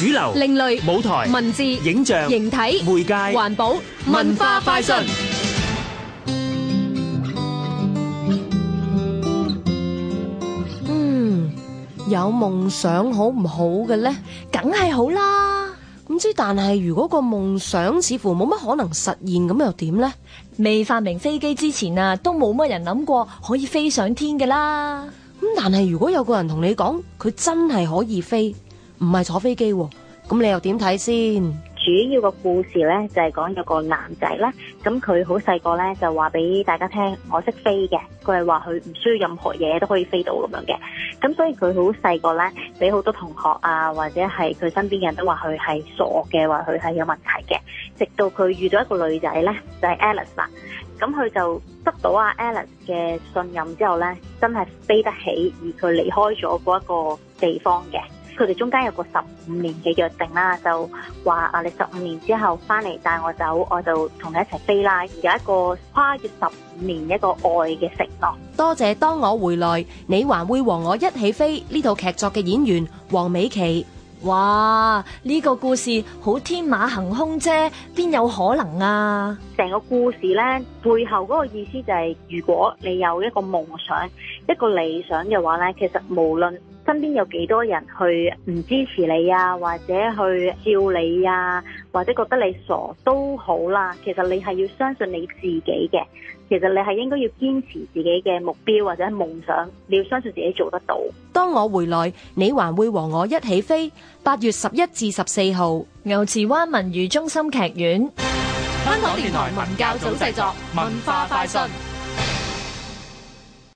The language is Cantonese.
主流、另類舞台、文字、影像、形體、媒介、環保、文化快訊。嗯，有夢想好唔好嘅呢？梗係好啦。咁之，但係如果個夢想似乎冇乜可能實現，咁又點呢？未發明飛機之前啊，都冇乜人諗過可以飛上天噶啦。咁但係，如果有個人同你講，佢真係可以飛。唔係坐飛機喎，咁你又點睇先？主要個故事呢，就係講有個男仔啦。咁佢好細個呢，就話俾大家聽，我識飛嘅。佢係話佢唔需要任何嘢都可以飛到咁樣嘅。咁所以佢好細個呢，俾好多同學啊或者係佢身邊人都話佢係傻嘅，話佢係有問題嘅。直到佢遇到一個女仔呢，就係 Alice 啦。咁佢就得到阿 Alice 嘅信任之後呢，真係飛得起而佢離開咗嗰一個地方嘅。佢哋中間有個十五年嘅約定啦，就話啊，你十五年之後翻嚟帶我走，我就同你一齊飛啦，而家一個跨越十五年一個愛嘅承諾。多謝《當我回來，你還會和我一起飛》呢套劇作嘅演員黃美琪。哇，呢個故事好天馬行空啫，邊有可能啊？成個故事呢，背後嗰個意思就係，如果你有一個夢想、一個理想嘅話呢，其實無論身邊有幾多人去唔支持你啊，或者去笑你啊，或者覺得你傻都好啦。其實你係要相信你自己嘅，其實你係應該要堅持自己嘅目標或者夢想。你要相信自己做得到。當我回來，你還會和我一起飛。八月十一至十四號，牛池灣文娛中心劇院。香港電台文教組製作，文化快訊。